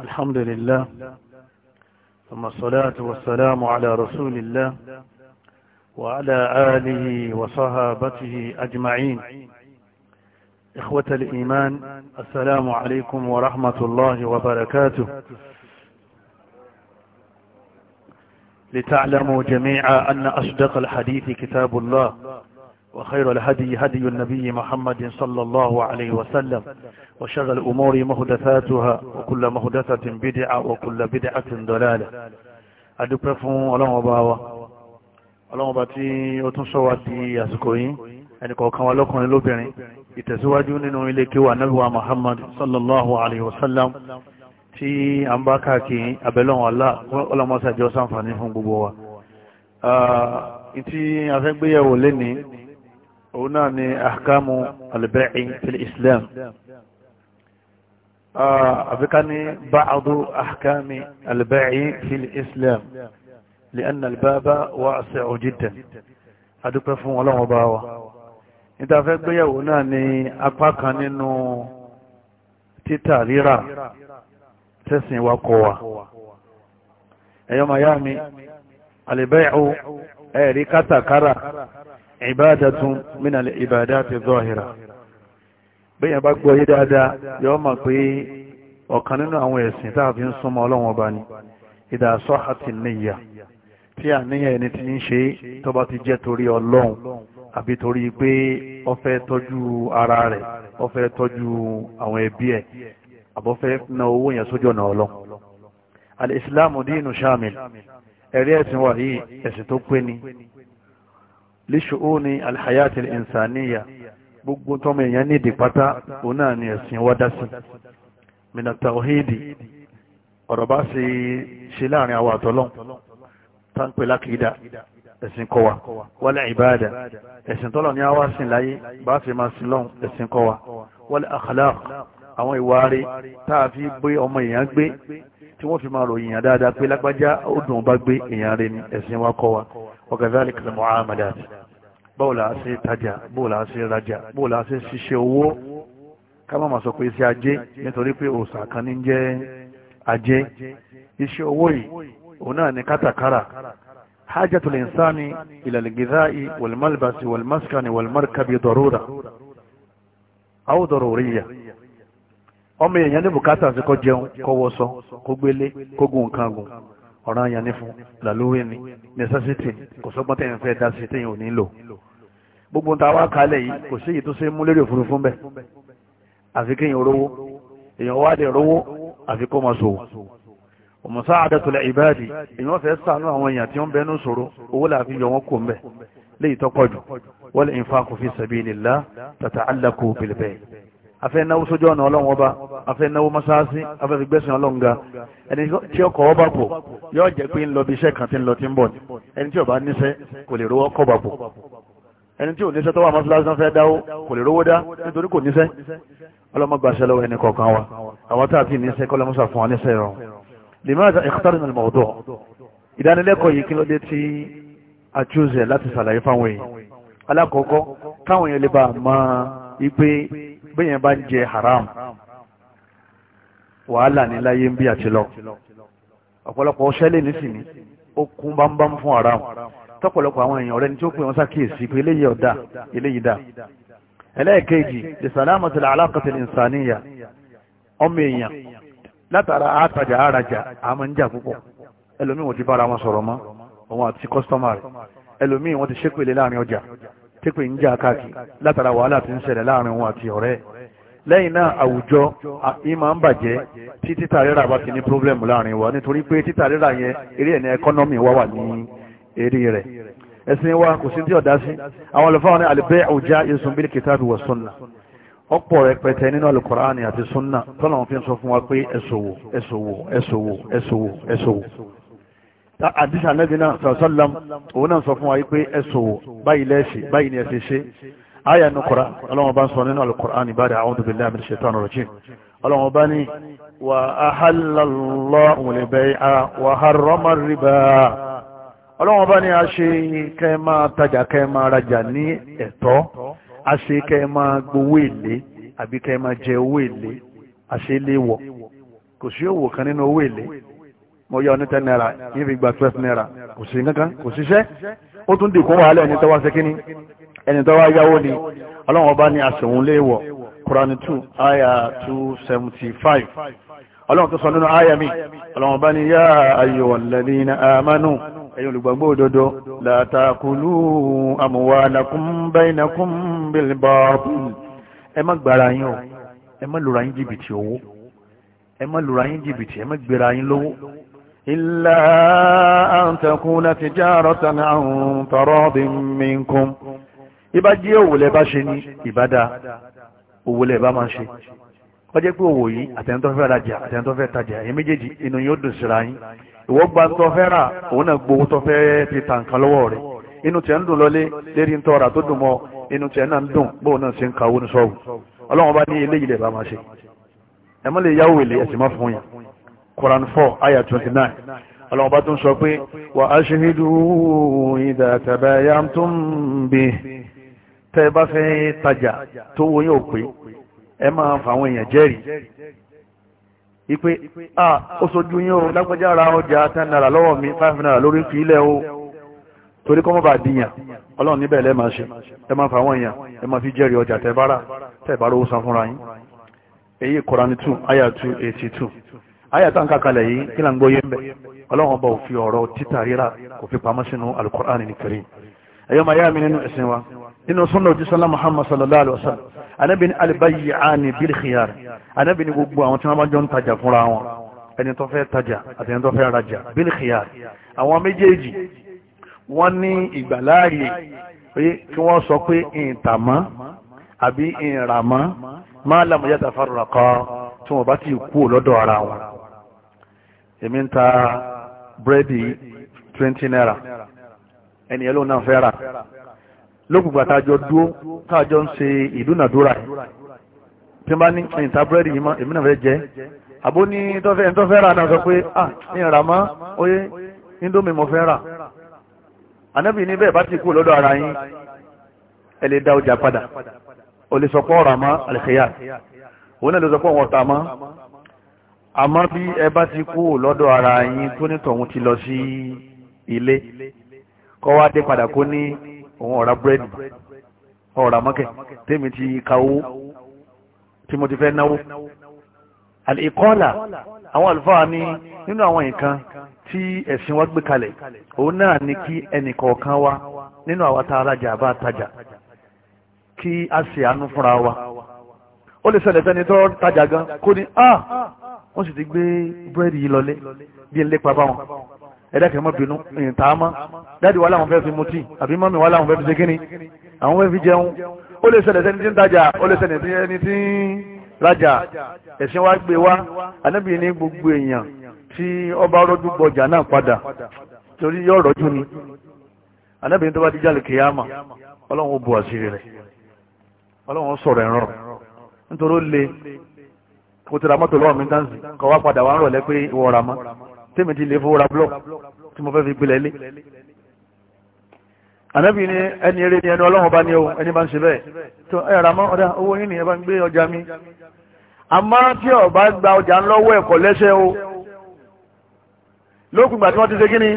الحمد لله ثم الصلاة والسلام على رسول الله وعلى آله وصحابته أجمعين إخوة الإيمان السلام عليكم ورحمة الله وبركاته لتعلموا جميعا أن أصدق الحديث كتاب الله وخير الهدي هدي النبي محمد صلى الله عليه وسلم وشر الأمور مهدثاتها وكل مهدثة بدعة وكل بدعة ضلالة adúpẹ́ fún ọlọ́run ọba wa ọlọ́run ọba tí ó tún sọ wá di àsìkò yìí ẹnìkọ̀ọ̀kan wa lọ́kùnrin lóbìnrin ìtẹ̀síwájú nínú ilé kíwà nábíwá Muhammad sallallahu alaihi wasallam tí a ń bá káàkiri abẹ́lọ́run Allah ọlọ́mọsàjọ́ ṣàǹfààní fún gbogbo wa ìtí afẹ́gbéyẹ̀wò lénìí òun náà ni ahkamu albẹ́ẹ̀ fil islam àfikà ní báàdù ahkami albẹ́ẹ̀ fil islam لأن الباب واسع جدا adúpẹ́ fún Ọlọ́run Ọba wa níta fẹ́ gbéyẹ̀wò náà ni apá kan nínú títà rírà tẹ́sìn wa kọ wa ẹ̀yọ́ miami alìbẹ́ẹ̀hù ìbádatún mínà ìbádá ti zọ́hìrà bẹ́yàn bá gbọ́ yí dáadáa yọ mọ̀ pé ọ̀kan nínú àwọn ẹ̀sìn tá a fi ń súnmọ́ ọlọ́run ọba ni ìdá sọ́hàtì níyà tí àníyàn ẹni tí ń ṣe tó bá ti jẹ́ torí ọlọ́run àbí torí pé ó fẹ́ tọ́jú ara rẹ̀ ó fẹ́ tọ́jú àwọn ẹbí ẹ̀ àbọ́fẹ́ na owó yẹn sójú ọ̀nà ọlọ́run al-islamu dínú shamil ẹ̀rí ẹ̀sìn wà yìí ẹ̀sìn tó pé ni lẹ́ṣọ́ọ́ni alhayatil insaniya gbogbo tọ́mọ èèyàn ní ìdí pátá òun náà ni ẹ̀sìn wádá sí mina tawhidi ọ̀rọ̀ bá ṣe ṣe láàrin àwọn àtọ́lọ́n táńpẹ̀ lákìídá ẹ̀sìn kọwa wal ìbáadà ẹ̀sìn tọ́lọ̀ ní àwa sìn láyé bá ṣe máa sin lọ́hùn ẹ̀sìn kọwa wal akhlaq àwọn ìwà rí gbé ọmọ èèyàn gbé tí wọ́n fi máa ròyìn yàn dáadáa pé lágbájá ó dùn bá gbé èèyàn rẹ̀ ní ẹ̀sìn wa kọ́ wa ọ̀gàzáàlì kìlọ̀ mọ́ àmàdà bóòlà á ṣe tajà bóòlà á ṣe rajà bóòlà á ṣe ṣiṣẹ́ owó ká má máa sọ pé iṣẹ́ ajé nítorí pé òòsà kan ní jẹ́ ajé iṣẹ́ owó yìí òun náà ní kátàkárà hajjatul insani ilal gidha'i wal malbasi wal maskani wal markabi darura ọmọ èèyàn ní bùkátà sí kó jẹun kó wọṣọ kó gbélé kó gun nǹkan gùn ọ̀ràn àyàn ní fún làlórí ni necessity kò sọ́gbọ́n tẹ̀yìn fẹ́ dá sí tẹ̀yìn ò ní lò gbogbo ta wá kalẹ̀ yìí kò sí èyí tó ṣe mú lérè òfurufú bẹ́ẹ̀ àfi kéèyàn rówó èèyàn wá dé rówó àfi kó máa ṣòwò òmùsá àdẹ́tọ̀lẹ̀ ìbáàdì èèyàn fẹ́ sànú àwọn èèyàn tí ó bẹnu ṣòro owó làfi yọ wọn kò ń bẹ̀ léyìí tọ́pọ̀ jù wal infaku fi sabilillah tata'allaqu bil bay' afẹ́ náwó sójú ọ̀nà ọlọ́run ọba afẹ́ náwó mọ́sáàsì afẹ́ fi gbẹ́sìn ọlọ́run ga ẹni tí ọkọ̀ ọba pò yóò jẹ́ pé ń lọ bí iṣẹ́ kan tí ń lọ tí ń bọ̀ ni ẹni tí ó bá níṣẹ́ kò lè rówó kọ́ bà pò ẹni tí ò níṣẹ́ tó wà mọ́sáàsì fẹ́ dáwó kò lè rówó dá nítorí kò níṣẹ́ ọlọ́mọgbàṣẹ́ lọ́wọ́ ẹni kọ̀ọ̀kan wa àwọn tá a ti ipe bẹ́yẹn bá ń jẹ haram wàhálà ní láyé ń bí àti lọ ọ̀pọ̀lọpọ̀ ọṣẹ́lẹ̀ nísìnyí ó kún bámbám fún haram tọ́pọ̀lọpọ̀ àwọn èèyàn ọ̀rẹ́ni tí ó pè wọ́n sákèèsí pé eléyìí ọ̀dà eléyìí dà ẹlẹ́ẹ̀kejì ìsàlámọ̀tì aláàkọ̀tì ìsàníyà ọmọ èèyàn látara àtàjà àràjà àmọ́ ń jà púpọ̀ ẹlòmíì wọ́n ti bára wọn sọ̀rọ̀ mọ́ òun àti kọ́sítọ́mà rẹ̀ ẹlòmíì wọ́n ti ṣépèlé láàrin ọjà pé ń jà káàkiri látara wàhálà tí ń ṣẹlẹ̀ láàrin wọn àti ọ̀rẹ́ lẹ́yìn náà àwùjọ ìmọ̀ ń bàjẹ́ tí títà rírà bá ti ní pírọ́blẹ̀mù láàrin wa nítorí pé títà rírà yẹn eré ẹ̀ ní ẹkọ́nọ́mì wa wà ní eré rẹ̀ ẹ̀sìn wa kò sí tí ọ̀dá sí àwọn olùfáwọn ní àlùbẹ́ ọjà yẹsùn bíi kìtàbí wà sunna ọ̀pọ̀ rẹpẹtẹ nínú alukọ̀ránì àti sunna tọ́lọ̀ fi sọ fún wa pé ẹ̀sòwò ẹ̀sòwò ẹ̀sòwò ẹ̀sòwò ẹ̀sòwò àdísà nẹ́bí náà sàṣọ́lám òun náà sọ fún wa pé ẹ̀sọ̀ báyìí lẹ́ẹ̀ṣẹ̀ báyìí ni ẹ̀ṣẹ̀ ṣe ayà ní kọ́ra ọlọ́wọ́n bá ń sọ nínú al-Qur'an bá dẹ̀ a'udhu billahi minash shaitanir rajim ọlọ́wọ́n bá ní wa ahalla Allahu al-bay'a wa harrama ar-riba ọlọ́wọ́n bá ní a mo yọ ní ten naira yìí fi gba twelve naira kò sí kankan kò síṣẹ́ ó tún dìkún wàhálà ẹni tọ́wá sẹ́kíní ẹni tọ́wá yáwó ni ọlọ́run ọba ní àṣẹ̀wọ̀n léèwọ̀ Quran two aya two seventy five ọlọ́run tó sọ nínú aya mi ọlọ́run ọba ní yá ayyuhal ladhina amanu ẹ̀yin olùgbàgbọ́ òdodo la takulu amwalakum bainakum bil batil ẹ má gbára yín o ẹ má lura yín jìbìtì owó ẹ má lura yín jìbìtì ẹ má gbéra yín lówó إلا أن تكون تجارة عن تراض منكم ìbá jẹ́ òwò lẹ́bá ṣe ní ìbádá òwò lẹ́bá máa ṣe ó jẹ́ pé òwò yìí àtẹ́ntọ́ fẹ́ rajà àtẹ́ntọ́ fẹ́ tajà èyí méjèèjì inú yóò dùn síra yín ìwọ gba ń tọ́ fẹ́ rà òun náà gbowó tọ́ fẹ́ ti ta nǹkan lọ́wọ́ rẹ̀ inú tiẹ̀ ń dùn lọlé lérí ń tọ́ra tó dùn mọ́ inú tiẹ̀ náà ń dùn bóun náà ṣe ń kawó ní sọ́ọ̀bù ọlọ́run bá ní eléyìí lẹ́bá máa ṣe ẹ lè yáwó èlé ẹ̀sìn má fún yàn Quran 4 ayah 29 ọlọ́wọ́ bá tún sọ pé wa ashhidu idha tabayamtum bih tẹ́ bá fẹ́ tajà tó wo yóò pé ẹ máa fàwọn èèyàn jẹ́rìí ipe a ó sojú yín o lágbájá ara ọjà ten lọ́wọ́ mi five lórí fi ilẹ̀ o torí kọ́ mọ́ ayàtà ń kàkalẹ̀ yìí kí là ń gbóyé ń bẹ̀ ọlọ́run bá fi ọ̀rọ̀ títà ríra kò fi pamọ́ sínú alukur'an ní kiri ẹ̀yọ́ máa yá mi nínú ẹ̀sìn wa nínú sunna ojú sallá muhammad sallallahu alaihi wasallam anabi ni alibayi ani bil khiyar anabi ni gbogbo àwọn tí wọ́n bá jọ ń tajà fúnra wọn ẹni tó fẹ́ tajà àti ẹni tó fẹ́ rajà bil khiyar àwọn méjèèjì wọ́n ní ìgbàláàyè tí wọ́n bá ti kú lọ́dọ̀ ara wọn èmi ń ta búrẹ́dì twenty naira ẹni ẹ ló náà fẹ́ rà lókùgbà tájọ dúó tájọ ń ṣe ìdúnàdúrà tí bá ní ẹ̀yìn ta búrẹ́dì yìí mọ́ èmi náà fẹ́ jẹ àbó ní tọ́fẹ́ rà náà sọ pé ah ní ìrà mọ́ oyé nídómi mo fẹ́ rà anábì ní bẹ́ẹ̀ bá ti kú lọ́dọ̀ ara yín ẹ lè da ọjà padà olùsọ̀pọ̀ ọ̀rà mọ́ àlẹ́kẹ́yà òun náà lè sọ pé òun ọ̀tà mọ́ àmọ́ bí ẹ bá ti kú lọ́dọ̀ ara yín tó nítọ̀hún ti lọ sí ilé kọ́ wá dé padà kó ní òun ọ̀rá búrẹ́dì ọ̀rá mọ́kẹ̀ tèmi ti ka owó tí mo ti fẹ́ náwó àlèkọ́là àwọn àlùfáà ní nínú àwọn nǹkan tí ẹ̀sìn wa gbé kalẹ̀ òun náà ni kí ẹnìkọ̀ọ̀kan wa nínú àwa tá bá tajà kí a ṣe àánú fúnra wa ó lè ṣẹlẹ̀ sẹ́ni tó tajà gan kó ní ah wọ́n sì ti gbé búrẹ́dì yìí lọlé bí ilé pa bá wọn ẹ̀dá kẹ̀mọ́ bínú ìyìn tààmà dáàdì wà láwọn fẹ́ fi mutí àbí mọ́mí wà láwọn fẹ́ fi ṣe kíní àwọn fẹ́ fi jẹun ó lè ṣẹlẹ̀ sẹ́ni tí ń tajà ó lè ṣẹlẹ̀ sí tí ń rajà ẹ̀sìn wa gbé wá anábì ní gbogbo èèyàn tí ọba rọ́jú gbọjà náà padà torí yóò rọ́jú ni anábì ní tó bá ti jáde kìyàmà ọlọ́run ó bu àṣírí rẹ̀ ọlọ́run ó sọ̀rọ̀ ẹ̀rọ nítorí ó le kò tẹ̀ra mọ́tò lọ́wọ́ mi dánsì kọ́ wá padà wá ń rọ̀lẹ́ pé ìwọ ra mọ́ tèmi ti lè fowó ra blọ́ọ̀kì tí mo fẹ́ fi gbilẹ̀ lé ànábì ni ẹni eré ni ẹni ọlọ́run bá ní o ẹni bá ń ṣe bẹ́ẹ̀ tó ẹ mọ́ ọ̀dà owó yín ni ẹ bá ń gbé ọjà mi àmọ́ tí ó bá gba ọjà wọ́n ti ni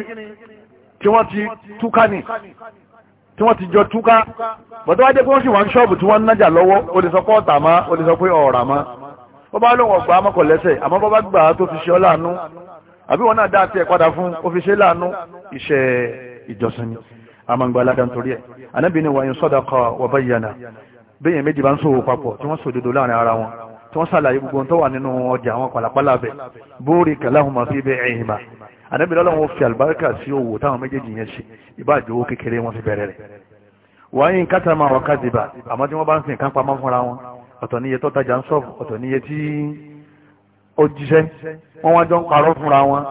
tí wọ́n ti jọ túká bọ̀dọ̀ wá jẹ́ pé wọ́n sì wá ń ṣọ́ọ̀bù tí wọ́n ń nájà lọ́wọ́ o ọ̀tà má o ọ̀rà má bọ́bá lóun ọgbà amọ́kọ̀ lẹ́sẹ̀ àmọ́ bọ́bá gbà á tó fi ṣe ọ́ láàánú àbí wọn náà dá àti ẹ̀ padà fún ó fi ṣe láàánú iṣẹ́ ìjọsìn ni àmàǹgbà aládàá nítorí ẹ̀ ànábì ni wàyí sọ́dọ̀kọ̀ wàbáyànà bẹ́yẹn méjì bá ń sòwò papọ̀ tí wọ́n sòdodo láàrin ara wọn tí wọ́n sàlàyé gbogbo tó wà nínú ọjà àwọn pàlàpàlà bẹ̀ bóòrì kàláhùnmá fi bẹ́ ẹ̀yìn mà ànábì lọ́lọ́wọ́ fi àlùbáríkà sí òwò táwọn méjèèjì yẹn ṣe ìbáàjò kékeré wọn fi bẹ̀rẹ̀ rẹ̀ wàyí ń kátàmà wákàtí bá àmọ́ tí wọ́n bá ń sin kápamọ́ fúnra wọn ọ̀tọ̀ níye tó tajà ń sọ̀fù ọ̀tọ̀ níye tí ó jíṣẹ́ wọ́n wá jọ ń parọ́ fúnra wọn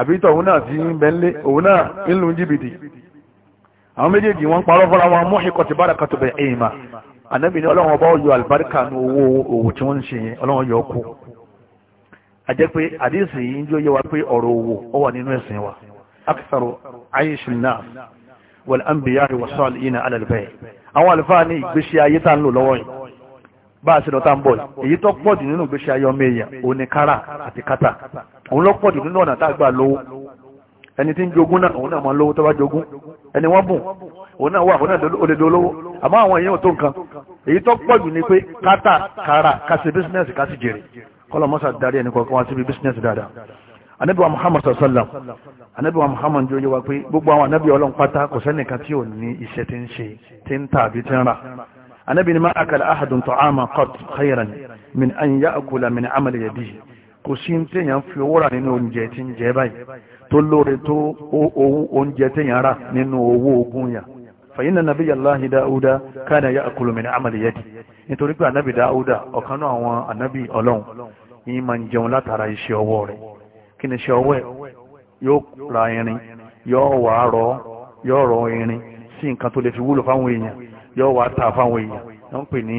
àbí tọ̀hún náà ti ń bẹ́ńlé òun náà ń lu jìbìtì àwọn méjèèjì wọ́n parọ́ fúnra wọn mú ikọ̀ ti bára kàtó bẹ̀ èèmà ànábì ni ọlọ́run ọba yọ àlùbáríkà ní owó òwò tí wọ́n ń ṣe yẹn ọlọ́run yọ kú a pé àdéhùn yìí ń jó yẹ wa pé ọ̀rọ̀ owó ó wà nínú ẹ̀sìn wa akitaro aishin náà wal anbiya wa sọ́ọ̀lì yìí ní àwọn àlùfáà ní ìgbésí ayé tá ń lò lọ́wọ́ yìí bá a ṣe lọ́ta ń bọ̀ èyí tó pọ̀ jù nínú ìgbésí ayé ọmọ èèyàn òun ni kára àti kátà òun ló pọ̀ jù nínú ọ̀nà tá a gbà lówó ẹni tí ń jogún náà òun náà máa lówó tó bá jogún ẹni wọ́n bùn òun náà wà òun náà olè do lówó àmọ́ àwọn èèyàn tó nǹkan èyí tó pọ̀ jù ni pé kátà kára ká ṣe bísínẹ́sì ká sì jèrè kọ́lọ̀ mọ́sà darí ẹni kọ̀ọ̀kan wá síbi bísínẹ́sì dáadáa anabi wa muhammad sallam anabi wa muhammad jẹ́ wa pé gbogbo àwọn anabi ọlọ́run pátá kò sẹ́nìkan tí ò ní iṣẹ́ tí ń ṣe tí ń tà àbí tí ń rà anábì ni ma akala ahadun ta'ama qat khayran min an ya'kula min amali yadihi kò sí ní téèyàn fi owó rà nínú oúnjẹ tí ń jẹ báyìí tó lóore tó owó oúnjẹ téèyàn rà nínú owó ogun yà fàyínà nàbí yàláhì dáúdá káàdà ya'kulu min amali yadi nítorí pé ànábì dáúdá ọ̀kanú àwọn ànábì ọlọ́run yìí máa ń jẹun látara iṣẹ́ ọwọ́ rẹ̀ kí ni iṣẹ́ ọwọ́ ẹ̀ ra irin yóò wàá rọ yóò irin sí nǹkan tó lè fi wúlò fáwọn èèyàn yóò wá ta fáwọn èèyàn wọ́n pè ní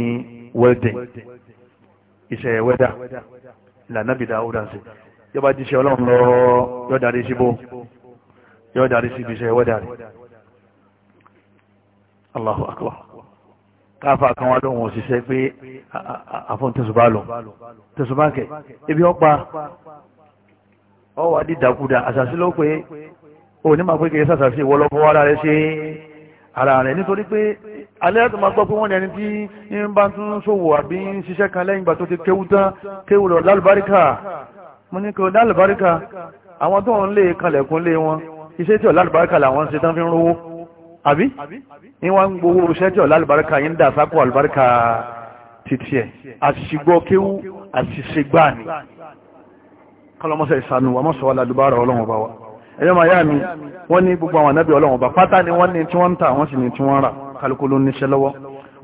welding iṣẹ́ wẹ́dà ìlànà bìdà ọ̀dàṣe yóò bá jíṣẹ́ ọlọ́run lọ yóò darí síbò yóò darí síbi iṣẹ́ wẹ́dà rẹ̀ Allahu akbar káfà kan wá lóhun òṣìṣẹ́ pé àfún tẹ̀sùbá lọ tẹ̀sùbá kẹ̀ ibi ọpa ọwà dídàkúdà àṣàṣí ló pé o ní ma pé kìí sàṣàṣí ìwọlọ́pọ̀ wá lára ṣe é ara rẹ̀ nítorí pé alẹ́ ẹ̀tọ́ máa gbọ́ pé wọ́n ní ẹni tí ń bá tún ṣòwò àbí ń ṣiṣẹ́ kan lẹ́yìn ìgbà tó ti kéwú tán kéwú lọ lálùbáríkà mo ní kí o lálùbáríkà àwọn tó ń lè kalẹ̀kùn lé wọn iṣẹ́ tí ò lálùbáríkà làwọn ṣe tán fi ń rówó àbí ní ń gbowó iṣẹ́ tí ò lálùbáríkà yìí ń dà sákò àlùbáríkà títí ẹ̀ àṣìṣìgbọ́ kéwú àṣìṣìgbà ni kọ́lọ́mọ́sẹ̀ ìsànù àmọ́sọ̀wà lálùbárà ọlọ́run ọba wa ẹ̀yọ́ máa yá mi wọ́n ní gbogbo àwọn ànábì ọlọ́run ọba pátá ni wọ́n ní tí wọ́n ń tà wọ́n sì ní tí wọ́n rà kálukú níṣẹ́ lọ́wọ́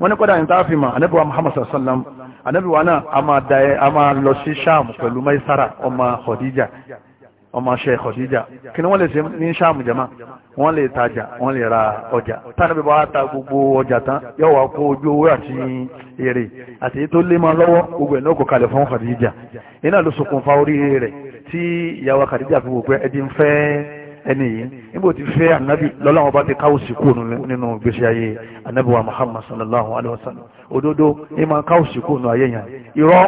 wọ́n ní kọ́dà ní táàfì mà ànábì sallam ànábì wa náà a máa da ẹ a máa lọ sí sham pẹ̀lú maisara jama wọ́n lè tajà ra ọjà tánàbí bá ta gbogbo ọjà tán yóò wá kó ojú owó àti èrè àti èyí tó lé máa tí ìyàwó Khadija fi wò pé ẹni ń fẹ́ ẹni yìí níbo ti fẹ́ anabi lọ́láwọ́ bá ti káwùsì kú nínú gbèsè ayé anabi wa Muhammad sallallahu alayhi wa sallam òdodo ní ma káwùsì kú nínú ayé yẹn irọ́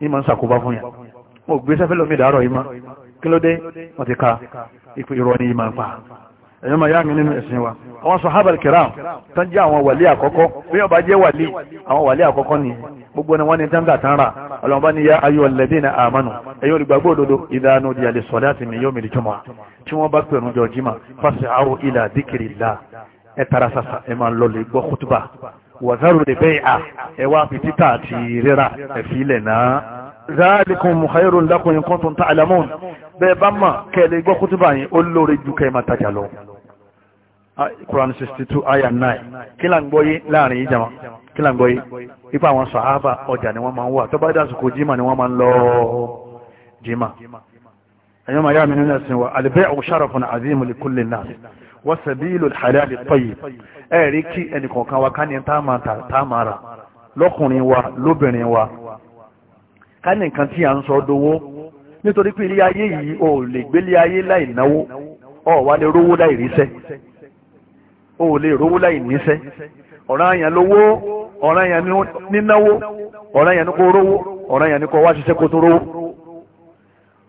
ní ma ń sàkóbá fún yẹn mo gbé sẹ́fẹ́ lómi dàárọ̀ yìí ma kí ló ti ka ìpè irọ́ yìí ma ń pa ẹ̀yọ́ máa yá mi nínú ẹ̀sìn wa àwọn sọ̀hábàlì kìram tán jẹ́ àwọn wàlí àkọ́kọ́ bí wọ́n bá jẹ́ wàlí àwọn wàlí àkọ́kọ́ ni gbogbo ni wọ́n ní tẹ́ńgà tán rà ọlọ́mọba ni ya ayọ̀ alladhina amanu ẹ̀yọ́ olùgbàgbọ́ òdodo idha nudiya lissalati min yawmil jumu'ah tí wọ́n bá pẹ̀rù jọ jimá fas'au ila dhikrillah ẹ tara ta'lamun bẹ́ẹ̀ bá mà kẹ́ lè gbọ́ ju kẹ́ máa tajà Ah, Quran 62 aya 9 kí là ń gbọ́yé láàrin ìjàmà kí là ipa àwọn sàhábà ọjà ni wọ́n máa ń wà tó bá dásìkò jímà ni wọ́n máa ń lọ jímà ẹ̀yọ́n máa yá nínú ẹ̀sìn wa al-bay'u sharafun azimun li kulli nas wa sabilul halali tayyib ẹ̀ rí kí ẹnìkọ̀ọ̀kan wa ká ní táàmàrà lọ́kùnrin wa lóbìnrin wa ká ní nǹkan tí à ń sọ dowó nítorí pé ilé ayé yìí ò lè gbélé o ò lè rówó láì níṣẹ́ ọ̀ràn àyàn lówó ọ̀ràn àyàn nínáwó ọ̀ràn àyàn ní kó rówó ọ̀ràn àyàn ní kó wá ṣiṣẹ́ kó tó rówó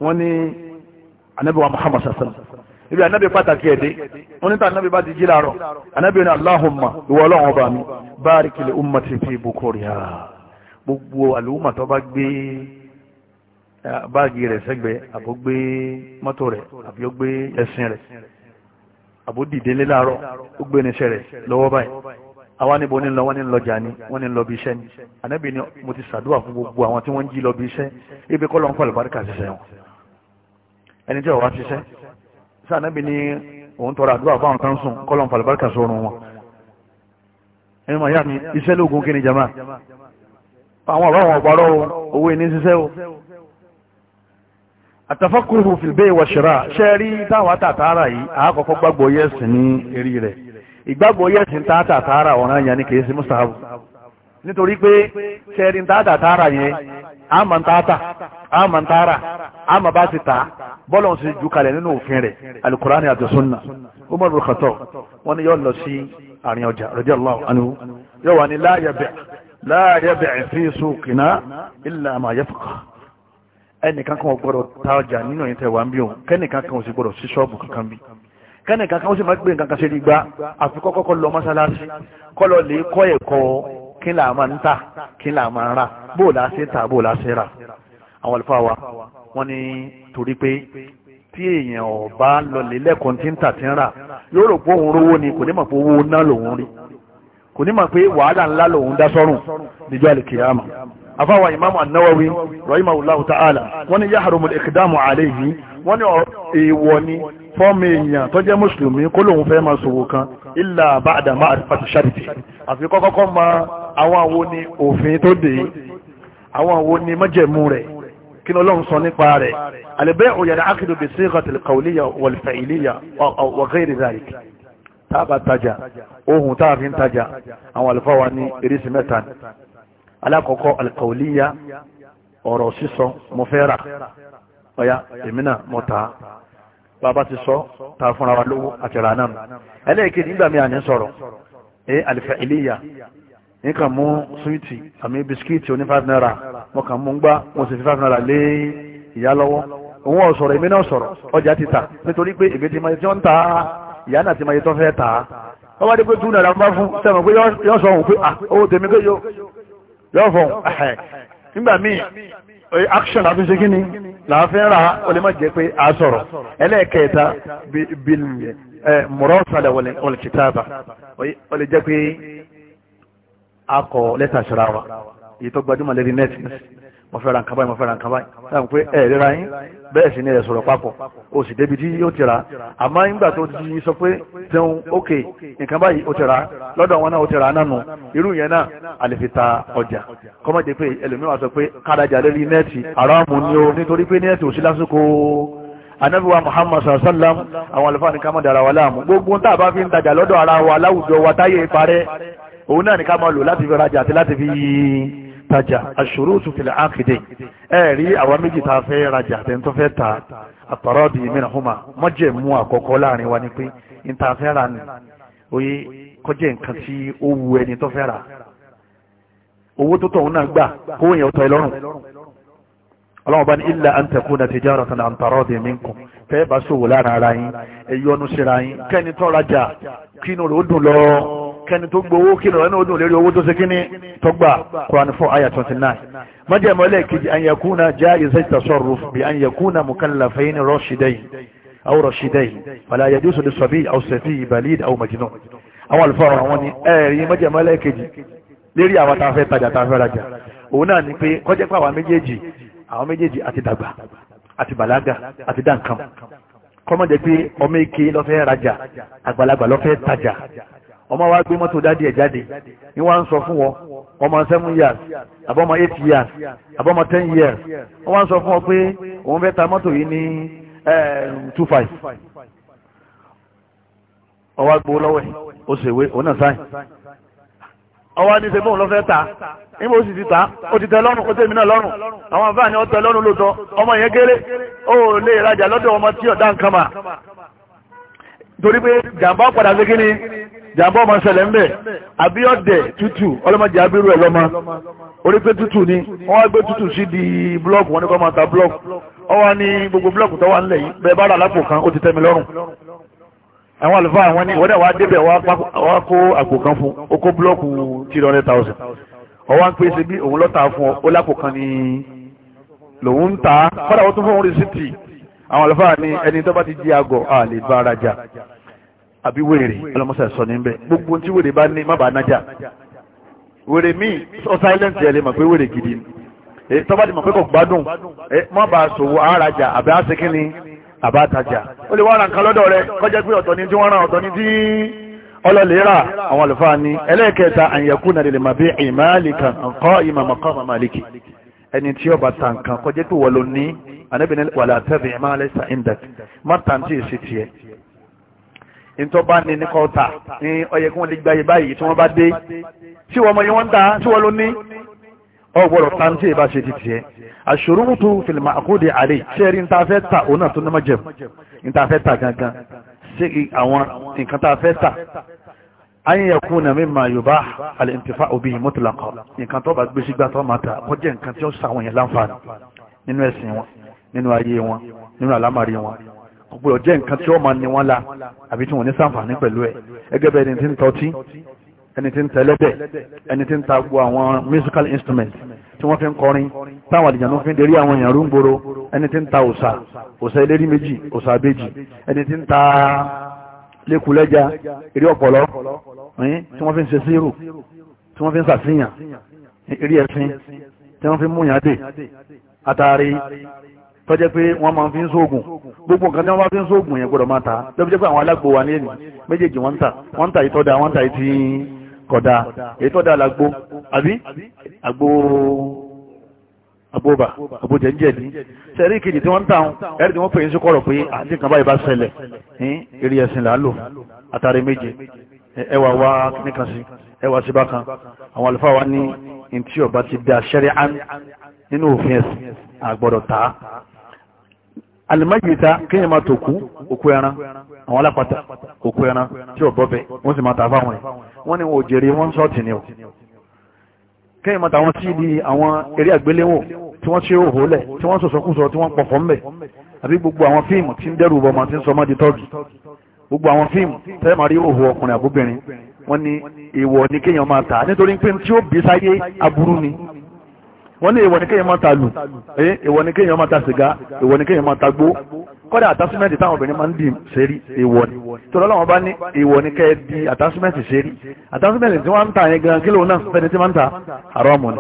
wọ́n ní anabi wa muhammad sallam ibi anabi pàtàkì ẹ̀dẹ́ wọ́n níta anabi bá ti jí láàárọ̀ anabi ní allahumma ìwọ ọlọ́run ọba mi báríkì lè ummati fi bukuriha gbogbo àlùmọ̀ tó bá gbé eh, báàgì rẹ̀ sẹ́gbẹ̀ẹ́ àbó mọ́tò rẹ̀ àbí ó gbé ẹ̀sìn rẹ̀ àbódìdélé láàárọ̀ ó gbé níṣẹ́ rẹ̀ lọ́wọ́ báyìí àwa níbo ní lọ wọ́n ní lọ jà ní wọ́n ní lọ bí iṣẹ́ ni ànábì ni mo ti ṣàdúrà fún gbogbo àwọn tí wọ́n ń jí lọ bí iṣẹ́ ibi kọ́ lọ ń fọlẹ̀ báríkà ṣiṣẹ́ wọn ẹni tí ọ̀wá ṣiṣẹ́ sí ànábì ni òun tọrọ àdúrà fáwọn kan sùn kọ́ lọ ń fọlẹ̀ báríkà sọ̀rọ̀ wọn ẹni mọ̀ yá mi iṣẹ́ lóògùn kí ni jama àwọn àbáwọn ọ̀pọ̀ àtàfàkùrù fìlbẹ́ ìwọ̀ṣẹ̀rà ṣe rí táwà tàtàrà yìí àákọ́kọ́ gbàgbọ́ yẹ́sìn ní eré rẹ̀ ìgbàgbọ́ yẹ́sìn tàtàrà ọ̀ràn yẹn ni kìí sí mustahabu nítorí pé ṣe rí tàtàrà yẹn àmà tàtà àmà tàrà àmà bá ti tà bọ́lọ̀ sí ju kalẹ̀ nínú òfin rẹ̀ alukurani àti sunna umar bukato wọn ni yóò lọ sí àárín ọjà radiyallahu anhu yóò wà ní la yabi' la yabi' fi suqina illa ma yafqah ẹnìkan kan ò gbọ́dọ̀ ta ọjà nínú ẹ̀yìn tẹ̀wá ń bí òun kẹ́nìkan kan ò sì gbọ́dọ̀ sí ṣọ́ọ̀bù kankan bí kẹ́nìkan kan ó sì máa gbé nǹkan kan ṣe gbígbá àfikọ́ kọ́kọ́ lọ mọ́sálásí kọ́ lọ lè kọ́ ẹ̀kọ́ kí là máa ń tà kí là máa ń bó la ṣe tà bó la ṣe rà àwọn àlùfáà wa wọ́n ní torí pé tí èèyàn ò bá lọ lè lẹ́kọ̀ọ́ tí ń tà tí ń rà yóò rò pé òun rówó ni kò ní mọ̀ pé owó ná lòun rí kò ní mọ̀ pé wàhálà ńlá lòun dá sọ́rùn níjọ́ àlìkìyàmà afáwà ìmáàmù annáwáwí rahimahullahu ta'ala wọ́n ní yaharumu ikidamu alayhi wọ́n ní èèwọ̀ ni fọ́ọ̀mù èèyàn tó jẹ́ mùsùlùmí kó lòun fẹ́ máa ṣòwò kan illa ba'da kí ni sọ nípa rẹ̀ al-bay'u yan'aqadu bi sighati al-qawliyya wal-fi'liyya tábà tajà ohun táà fi ń tajà àwọn àlùfáà wa ní eréṣì mẹ́ta ni alákọ̀ọ́kọ́ alkauliya ọ̀rọ̀ sísọ mo fẹ́ rà ọ̀yá èmìnà mo tà á bàbá ti sọ ta fúnra wa lówó àti rà náà nígbà mi àní sọ̀rọ̀ ẹ alfa'iliya nǹkan mú súwìtì àmì bisikíìtì oní five naira mo kàn mú gbá mo sì fi five naira lé ìyá lọ́wọ́ òun ọ̀sọ̀rọ̀ èmi náà ọjà ti tà nítorí pé èmi ti máa ti wọ́n ń ta ìyá náà ti máa yẹ tó fẹ́ tà á wọ́n bá dé pé two naira bá fún sẹ́wọ̀n pé yọ́ sọ òun pé ah owó tèmi pé yóò fọ̀ ẹ̀hẹ̀ nígbà míì action àfi ṣe kíni làáfin ra ó lè má jẹ́ pé a sọ̀rọ̀ ẹlẹ́ẹ̀kẹta bíi mọ̀rọ́sàlẹ̀ wọ̀lẹ̀kìtàbà ó lè jẹ́ pé a kọ lẹ́tà ṣara wa èyí tó gbajúmọ̀ lẹ́rí nẹ́tì mo fẹ́ ra nǹkan báyìí mo fẹ́ ra nǹkan báyìí táwọn pé ẹ ríra yín bẹ́ẹ̀ sì ni ẹ sọ̀rọ̀ papọ̀ o sì débi tí yóò ti ra àmọ́ nígbà tó ti sọ pé tẹun ókè nǹkan báyìí o ti ra lọ́dọ̀ wọn ni o nítorí pé nẹ́ẹ̀tì ò sí lásìkò anabiwa muhammad sallam àwọn àlùfáà ní ká má dara wa láàmú gbogbo tá a bá fi ń tajà ara wa láwùjọ wa táyé parẹ́ òun náà ní ká má fi rajà àti láti fi yí tajà aṣòrótù fìlẹ̀ ákìdé ẹ rí àwa méjì tá a fẹ́ rajà àti tó fẹ́ ta àtọ̀rọ̀dì mìíràn húnmà mọ́jẹ̀ mú àkọ́kọ́ láàrin wa ni pé n ta fẹ́ ra ni oye kọjẹ́ nǹkan tí ó wu ẹni tó fẹ́ ra owó tó tọ̀hún náà gbà kó yẹn tọ́ kẹni tó gbowó kí lọ ẹni ọdún lérí owó tó ṣe kí ní tọgbà Quran 4 ayat 29 májẹ̀mọ́ lẹ́ẹ̀kejì an yakuna jaiza tasarruf bi an yakuna mukallafayn rashidayn aw rashidayn fala yajuzu lisabi aw safi balid aw majnun àwọn àlùfáà àwọn ni ẹ̀rí májẹ̀mọ́ lẹ́ẹ̀kejì lérí àwọn tá a fẹ́ tajà tá a fẹ́ rajà òun náà ni pé kọjá pé àwọn méjèèjì àwọn méjèèjì àti dàgbà àti bàlágà àti dáǹkàm kọ́mọ̀jẹ̀ pé ọmọ èké lọ́fẹ́ rajà àgbàlagbà lọ́fẹ́ tajà ọmọ wa gbé mọ́tò dádì ẹ̀ jáde ní wọ́n ń sọ fún wọn ọmọ seven years àbọ́mọ eight years àbọ́mọ ten years wọ́n wá ń sọ fún ọ pé òun fẹ́ ta mọ́tò yìí ní eh, two five ọwọ́ gbowó lọ́wọ́ ẹ̀ ó ṣèwé òun náà sáyìn ọwọ́ ní sẹ́fún ló fẹ́ ta níbo sì ti ta ó ti tẹ lọ́rùn ó tẹ̀mí náà lọ́rùn àwọn àfáà ni ó tẹ lọ́rùn lóòótọ́ ọmọ yẹn kéré ó lè rajà lọ́dọ̀ ọmọ tí ọ̀dá nǹkan mà torí pé jàǹbá padà sí kí ni jàǹbá ọmọ ṣẹlẹ̀ ńbẹ̀ àbí ọ̀dẹ̀ tútù ọlọ́mọdé abirú ẹ̀ lọ́mọ orí pé tútù ni wọ́n wá gbé tútù sí di búlọ́ọ̀kù wọn ní kọ́ máa ta búlọ́ọ̀kù wọ́n wá ní gbogbo búlọ́ọ̀kù tó wà ńlẹ̀ yìí bẹ́ẹ̀ bá rà lápò kan ó ti tẹ́ mi lọ́rùn àwọn àlùfáà àwọn ní ìwọ́dẹ̀ wá débẹ̀ wá kó àpò kan fún ó kó búlọ́ọ̀kù three hundred thousand ọwọ́ ń pèsè bí òun lọ́ta fún ọ ó lápò kan ní lòun ń ta kọ́dà wọ́n tún fún òun rìsíìtì àwọn àlùfáà ní ẹni tó bá ti jí àgọ̀ àlè bá ara jà àbí wèrè ọlọ́mọsà sọ ní bẹ́ gbogbo tí wèrè bá ní má bàa nájà wèrè míì sọ silent ẹ̀ lè mọ̀ pé wèrè gidi tọ́ba ti mọ̀ pé kò gbádùn má bàa sòwò àràjà àbí àsekínni àbátajà ó lè wá ra nǹkan lọ́dọ̀ rẹ kọjá pé ọ̀tọ̀ ni tí wọ́n rán ọ̀tọ̀ ni tí ọlọ́lẹ̀ rà àwọn àlùfáà ní ẹlẹ́ẹ̀kẹta àyẹ̀kú náà lè máa bí ìmáàlìkà nǹkan ìmàmọ̀kọ́ màmàlìkì ẹni tí ọba ta nǹkan kọjá pé wọ́n lò ní anábìnrin wàlà tẹ́bì ìmáàlẹ́sà indak má tàǹtì èsì tiẹ̀ ìtọ́ bá ní ní kọ́ta ní ọyẹ kí wọ́n lè gbáyé báyìí tí wọ́n bá dé tí wọ́n mọ̀ yí wọ́n ń ta tí wọ́n ló ní ọgbọ̀rọ̀ tán tí ìbá ṣe ti tiẹ̀ àṣòrúmùtú fìlìmà àkóde àlè ṣẹ́rí ń ta fẹ́ ta òun náà tó ní mọ́jẹ̀m ń ta fẹ́ ta gangan sí àwọn nǹkan ta fẹ́ ta ayé ẹ̀kú nà mí máa yorùbá àlèǹtìfà òbí mọ́tòlákọ̀ nǹkan tó bá gbé sígbà tó máa ta gbọ́dọ̀ jẹ́ nǹkan tí ó máa ní wọn la àbí tí wọ́n ní sàǹfààní pẹ̀lú ẹ̀ ẹgẹ́ bẹ́ẹ̀ ẹni tí ń tọ́tí ẹni tí ń tẹlẹ́dẹ̀ ẹni tí ń ta gbọ́ àwọn musical instruments tí wọ́n fi ń kọrin táwọn àdìjànú fi ń derí àwọn èèyàn rúgbòrò ẹni tí ń ta òsà òsà eléri méjì òsà àbejì ẹni tí ń ta lékulẹ́ja eré ọ̀pọ̀lọ́ tí wọ́n fi ń ṣe sírù tí wọ́n fi ń ṣàfihàn eré ẹ̀sìn tí wọ́n fi ń múyàn dè àtàrí tó jẹ́ pé wọ́n máa fi ń sóògùn gbogbo nǹkan tí wọ́n bá fi ń sóògùn yẹn gbọ́dọ̀ máa ta lọ́pọ̀ jẹ́ pé àwọn alágbò wa nílùú méjèèjì wọ́n ń tà wọ́n ń tà ìtọ́dà wọ́n ń tà ìtì kọ̀dà ìtọ́dà làgbo àbí àgbo àgbóbà àgbójẹ ń jẹ̀dí sẹ́rí kejì tí wọ́n ń tàn ẹ̀rí tí wọ́n pè ń sókọ̀rọ̀ pé àti nǹkan báyìí bá ṣẹlẹ̀ ní eré ẹ̀sìn là ń lò àtàrí méje alimayita kéèyàn máa tó kú òkú ẹran àwọn alápatà òkú ẹran tí ò bọ́ bẹ́ẹ̀ wọ́n sì máa ta fáwọn ẹ̀ wọ́n ní wọn wọ́n sọ́ọ̀tì ni o kéèyàn máa ta wọn sí ibi àwọn eré àgbéléwò tí wọ́n ṣe òhò lẹ̀ tí wọ́n sọ̀sọ̀kúsọ tí wọ́n pọ̀fọ́ ńbẹ̀ àbí gbogbo àwọn fíìmù tí ń dẹ́rù bọ́mọ tí ń sọmọ́ di tọ́jú gbogbo àwọn fíìmù tẹ́lẹ̀ máa rí òhò ọkùnrin àbúbìnrin wọ́n ní èèwọ̀ ni kéèyàn máa ta nítorí pé tí ó bí sáyé aburú ni wọ́n ní ìwọ ni kéèyàn máa ta lù ẹ́ eh, ìwọ ni kéèyàn máa ta sìgá ìwọ ni kéèyàn máa ta gbó kọ́dà àtásímẹ́ǹtì táwọn obìnrin máa ń dì sérí ìwọ ni tọ́lọ́ làwọn bá ní ìwọ ni kẹ́ ẹ di àtásímẹ́ǹtì sérí àtásímẹ́ǹtì tí wọ́n ń ta yẹn gan kí lóun náà fẹ́ni tí wọ́n ń ta haramu ni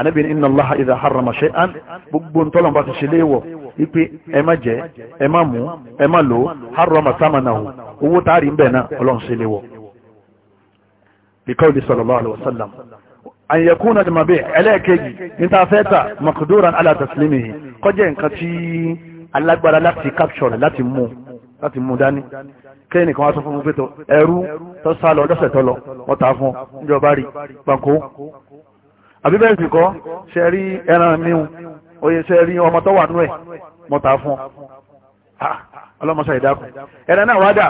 anabi ni inna allah idha harrama shay'an gbogbo ntọ́lọ̀ àyẹ̀kúnà ti màbí ẹlẹ́ẹ̀kejì níta fẹ́ta makdúran alátàsílímì kọjẹ́ nǹkan tí alágbára láti capture láti mú láti mú dání kẹ́yìn nìkan wá sọ fún pẹ́tọ̀ ẹrú tó sá lọ lọ́sẹ̀ tọ́lọ wọ́n ta fún ìjọba rí pàkó àbíbẹ̀rẹ̀ sì kọ́ ṣe rí ẹran míhun oye ṣe rí ọmọ tó wà nú ẹ̀ mọ́ ta fún ẹran náà wádà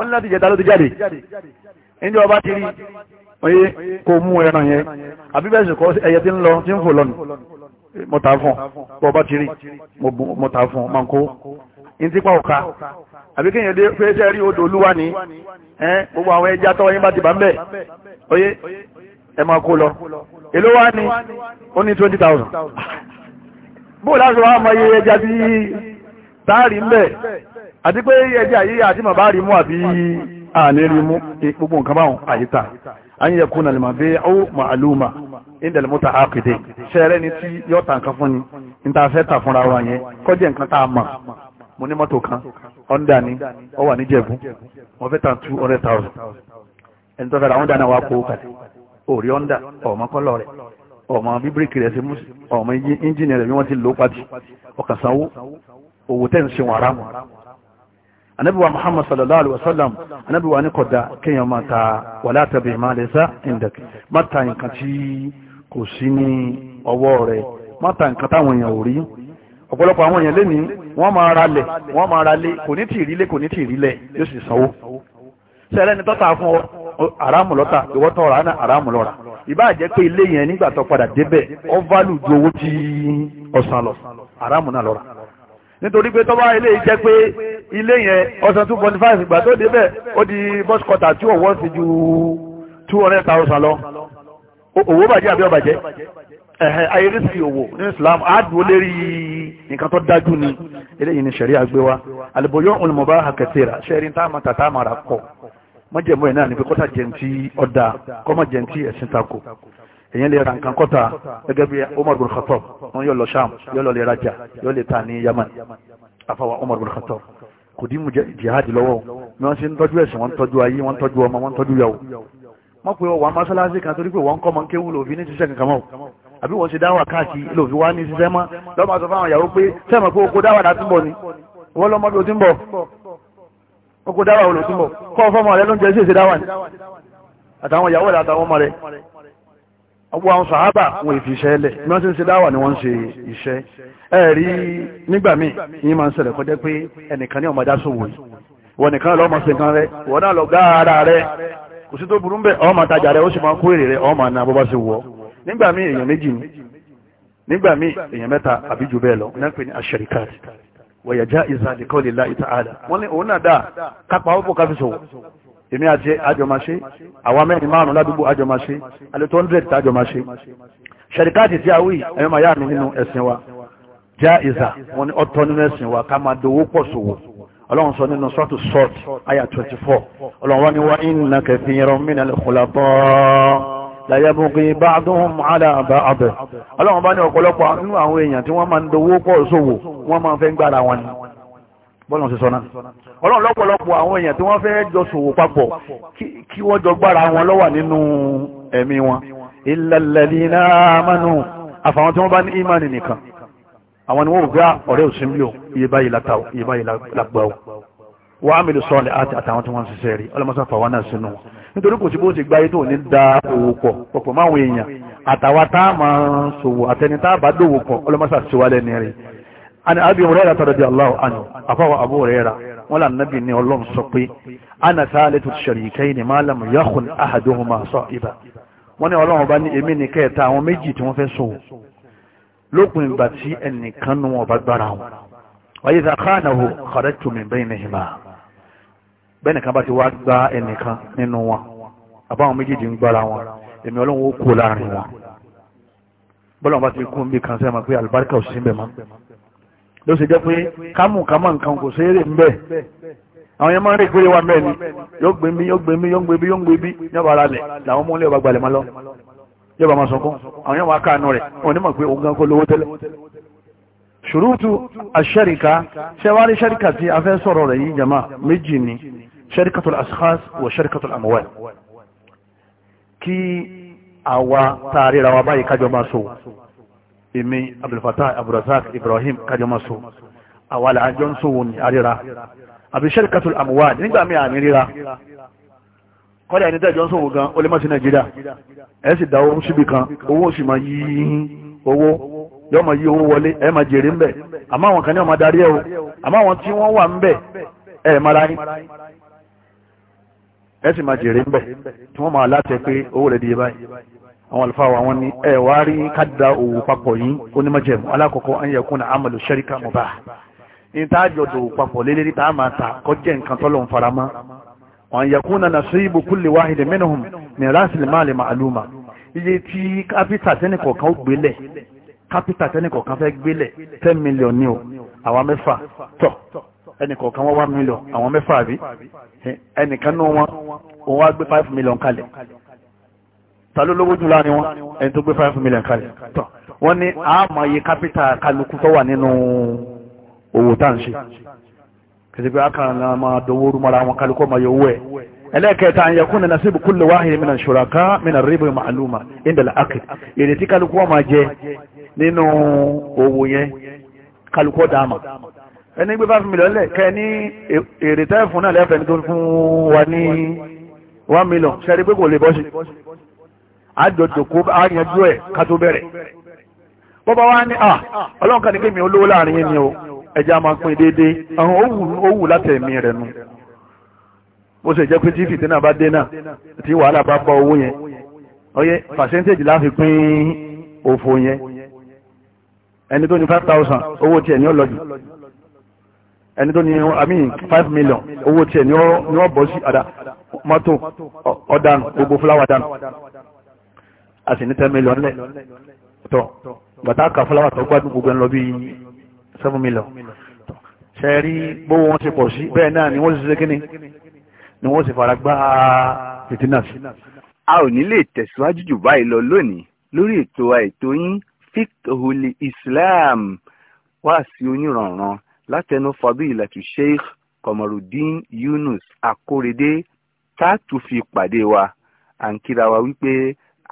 ó ní láti jẹta ló jáde oye kò mú ẹran yẹn àbí bẹ́ẹ̀ sì kọ́ ẹyẹ tí ń lọ tí ń fò lọ́nà mo ta fún bọ́ bá ti rí mo ta ma ń kó ní tipa ọ̀ka àbí kéèyàn dé pé rí odò olúwa ní ẹ́ gbogbo àwọn ẹja tọ́wọ́ yín bá ti bá ń bẹ̀ oye ẹ máa kó lọ èló wá ní ó ní twenty thousand bóò láti wá máa yẹ ẹja tí táàrí ń bẹ̀ àti pé ẹja yìí àti màbá rí mú àbí àní rí mú gbogbo nǹkan báwọn àyíká an yẹ kuna limabe o ma'aluma inda limuta akide ṣẹrẹ ni tí yọ ta nǹkan fún ni n ta fẹ́ ta fúnra wa yẹn kọjá nǹkan tá a mo ní mọ́tò kan ọ̀ndà ni ọ wà ní jẹ̀bú wọ́n fẹ́ ta two hundred thousand ẹni tó fẹ́ ra ọ̀ndà náà wà kó kalẹ̀ òrí ọ̀ndà ọ̀mọ kọ́lọ̀ rẹ̀ ọ̀mọ bíbíríkì rẹ̀ sí mú ọ̀mọ injìnì rẹ̀ bí wọ́n ti lò pati ọkàn sanwó òwò tẹ̀ ń ṣe wọn mọ́ Anabuwa muhammad sallallahu alaihi wasallam Anabuwa ni kódà kéèyàn máa ta wàlá tàbí ma laysa indak má ta nǹkan tí kò sí ní ọwọ́ rẹ̀ má ta nǹkan táwọn èèyàn ò rí ọ̀pọ̀lọpọ̀ àwọn èèyàn lénìí wọ́n máa ra lẹ̀ wọ́n máa ra lé kò ní tì rí kò ní tì rí yóò sì sanwó sẹ́rẹ́ ni tọ́ta fún ọ àràmù lọ́ta ìwọ́ tọ́ ra náà àràmù lọ́ra ìbá jẹ́ pé ilé yẹn nígbà tó padà débẹ̀ ọ válù ju owó tí ọ̀sán lọ àràmù nítorí pé tọ́wọ́ ilé jẹ́ pé ilé yẹn ọ̀sán two point five ìgbà tó débẹ̀ ó di bus quarter tí ò wọ́n sí ju two hundred thousand lọ owó bàjẹ́ àbí ọ̀bàjẹ́ ayé rí sí owó ní Islam àádùn olérí nǹkan tó dájú ni eléyìí ni ṣẹ̀rí àgbé wa àlùbọ̀yọ́ olùmọ̀bá àkẹtẹ̀rà ṣẹ̀rí táàmà tàtàmà rà pọ̀ mọ́jẹ̀mọ́ ẹ̀ náà ní pé kọ́tà jẹ̀ntì ọ̀dà kọ́mọ̀jẹ̀ntì ẹ̀sìn tako èyàn lè ra nǹkan kọ́ta gẹ́gẹ́ bí Umar bin Khattab wọn yóò lọ Sham yóò lọ lè rajà yóò lè ta ní Yaman afawa Umar bin Khattab kò dí mu jihad lọ́wọ́ ni wọ́n ṣe ń tọ́jú ẹ̀sìn wọ́n ń tọ́jú ayé wọ́n ń tọ́jú ọmọ wọ́n ń tọ́jú yàwó wọ́n pe wọ́n mọ́ṣáláṣí kan torí pé wọ́n ń kọ́ mọ́ kéwú lòfin ní ṣiṣẹ́ kankan mọ́ àbí wọ́n ṣe dáwà káàkiri lòfin wá ní ṣiṣẹ́ mọ́ lọ́mọ sọ fáwọn ìyàwó pé sẹ́mọ̀ pé oko dáwà láti bọ̀ ni wọ́n lọ́mọ bí o ti ń bọ̀ oko dáwà olùtúnbọ̀ kọ́ fọ́mọ rẹ ló ń jẹ́ sí èsì dáwà ni àtàwọn ìyàwó rẹ àtàwọn ọmọ rẹ ọgbọ́ àwọn sàhábà wọn èfi iṣẹ́ lẹ̀ bí wọ́n ti ń dáwà ni wọ́n ń ṣe iṣẹ́ ẹ rí nígbà ma ń ṣẹlẹ̀ kọjá pé ẹnìkan ní ọmọdé aṣòwò yìí wọ́n nìkan lọ́ọ́ máa ṣe nǹkan rẹ wọ́n náà lọ gáàrà rẹ kò sí tó burú bẹ́ẹ̀ ó tajà rẹ ó sì máa kó èrè rẹ èèyàn méjì ni nígbà èèyàn mẹ́ta àbí jù bẹ́ẹ̀ lọ náà pè ní èmi àti àjọmáṣe àwọn mẹ́rin márùn ládùúgbò àjọmáṣe àlètò 100 tàjọmáṣe ṣẹ̀ríkáàtì tí a wí ẹ̀yọ́ màá yà mí nínú ẹ̀sìn wa já ìzà wọn ni ọ̀tọ̀ nínú ẹ̀sìn wa ká máa dowó pọ̀ sòwò ọlọ́run sọ nínú sọ́ọ̀tù sọ́ọ̀tù àyà 24 ọlọ́run wá ní wá inna kathiran minal khulata la yabghi ba'duhum ala ba'd ọlọ́run bá ní ọ̀pọ̀lọpọ̀ nínú àwọn èèyàn tí wọ́n máa ń dowó pọ̀ sòwò wọ́n máa fẹ́ gbára wọn ni bọ́lọ̀ ṣe sọ́nà ọlọ́run lọ́pọ̀lọpọ̀ àwọn èèyàn tí wọ́n fẹ́ jọ ṣòwò papọ̀ kí wọ́n jọ gbára wọn lọ́wà nínú ẹ̀mí wọn ìlàlẹ̀lẹ́nà mánú àfàwọn tí wọ́n bá ní ìmánì nìkan àwọn ni wọ́n gbá ah, ọ̀rẹ́ òsínbíò iye báyìí lágbàá wà á mìlú sọ́ọ̀lẹ̀ àti àtàwọn tí wọ́n ṣiṣẹ́ rí ọlọ́mọsá fàwọn náà sínú wọn nítorí kò sí bó ti gbáyé tó ní da òwò pọ̀ pọ̀pọ̀ máwọn èèyàn àtàwọn tá a máa ṣòwò àtẹnitá bá dòwò pọ̀ ọlọ́mọsá ṣíwálẹ̀ ní rí ani abi hurera ta radi allahu anhu afawa abu hurera wọn là nàbì ní ọlọ́run sọ pé ana thalithul sharikaini ma lam yakhun ahaduhuma sahiba wọ́n ní ọlọ́run bá ní èmi ní kẹta àwọn méjì tí wọ́n fẹ́ sọ lópin ìgbà tí ẹnìkan nu wọn bá gbára wọn wáyé ta khanahu kharajtu min bainihima bẹ́nìkan bá ti wá gbá ẹnìkan nínú wọn àbáwọn méjèèjì ń gbára wọn èmi ọlọ́run ó kú láàrin wọn bọ́lá wọn bá ti kú bí kan sẹ́yìn máa pé àlùbáríkà ò sí bẹ̀ máa ló ṣe jẹ́ pé kámù kámà nǹkan kò ṣeré ń bẹ̀ àwọn yẹn máa ń rí ìpínlẹ̀ wa mẹ́rin yóò gbé mi yóò gbé mi yóò gbé mi yóò gbé mi yóò bá ara lẹ̀ làwọn múlẹ̀ ọba gbalẹ̀ máa lọ yóò bá máa sọkún àwọn yẹn wà káànú rẹ̀ wọn ní mọ̀ pé òun gan kó lówó tẹ́lẹ̀ ṣùrùtù àṣẹ́ríkà ṣẹ́wárí ṣẹ́ríkà tí a fẹ́ sọ̀rọ̀ rẹ̀ yìí jama méjì ni ṣẹ́ríkàtul askhas wa ṣẹ́ríkàtul èmi abdulfatah abdulrazak ibrahim abu àwàlà àjọ ibrahim àríra àbíṣẹ́lì katul nígbà mí àmì ríra kọ́dà ẹni tẹ́jọ ń gan ó nàìjíríà ẹ sì dá owó síbi kan owó sì máa yí owó yọ máa yí owó wọlé ẹ máa jèrè ń bẹ̀ àmọ́ àwọn kan ní ọmọ darí ẹ o àmọ́ àwọn tí wọ́n wà ń bẹ̀ ẹ mara yín ẹ sì máa jèrè ń bẹ̀ tí wọ́n máa pé àwọn alfáwà wọn ni ẹ wá rí kádà òwò papọ̀ yìí onímọ̀jẹ̀mú alákọ̀ọ́kọ́ anyẹ̀kún na amalu sharika mubah ní tá a jọ̀dọ̀ òwò papọ̀ lélẹ́rí tá a máa ta kọjẹ́ nǹkan tọ́lọ̀ ń fara mọ́ wọn yẹ̀kún na nasibu kulli wahidi ní ten million ni o àwa mẹ́fà tọ̀ ẹnì kọ̀ọ̀kan million àwọn mẹ́fà àbí ẹnìkan náà wọn five million kalẹ̀ ta ló lówó jù láàrin wọn ẹni tó gbé five million kalẹ̀ tọ́ wọ́n ní àmọ̀ye kápítà kálukú tó wà nínú owó tá ń ṣe kìí pé akàrànà máa dowó rúmọ́ra wọn kálukú ọmọ yòówó ẹ̀ ẹlẹ́ẹ̀kẹta an yakuna nasibu kulli wahid min ash-shuraka min ar-riba ma'luma inda al-aqd èrè tí kálukú ọmọ jẹ nínú owó yẹn kálukú ọ̀dàmà ẹni gbé five million lẹ̀ kẹ́ ní èrè tẹ́ náà lẹ́fẹ̀ẹ́ ní tó fún wa ní one million ṣẹ́rí pé kò lè bọ́ sí àjọjòkó àyànjú ẹ̀ ká tó bẹ̀rẹ̀ bọ́bá wá ní à ah, ọlọ́run ní kí olówó láàrin o ẹja máa pín déédéé àwọn owó látẹ̀mí rẹ̀ nu ó sì jẹ́ pé tí fìtínà bá dé náà tí wàhálà bá bá owó yẹn ọyẹ pàṣẹ́ntéèjì láti pín òfò yẹn ẹni tó ní five thousand owó tiẹ̀ ní ọlọ́jù ẹni tó ní àmì five million owó tiẹ̀ ní gbogbo fúláwà dànù. a sì ní tẹ́mílọ ńlẹ̀ tọ́ bàtà kà fúláwà tó gbádùn gbogbo ẹ̀ lọ bí seven million ṣe rí gbówó wọn ti pọ̀ sí bẹ́ẹ̀ náà ni wọ́n ti ṣe kíni ni wọ́n sì fara gbá fìtínà sí. a ò ní lè tẹ̀síwájú jù báyìí lọ lónìí lórí ètò àìtó yín fiqhul islam wá sí onírànran látẹnu fadilatu sheikh Kọmọrùdín Yunus Akórèdé tá a tún fi pàdé wa à ń kíra wa wípé.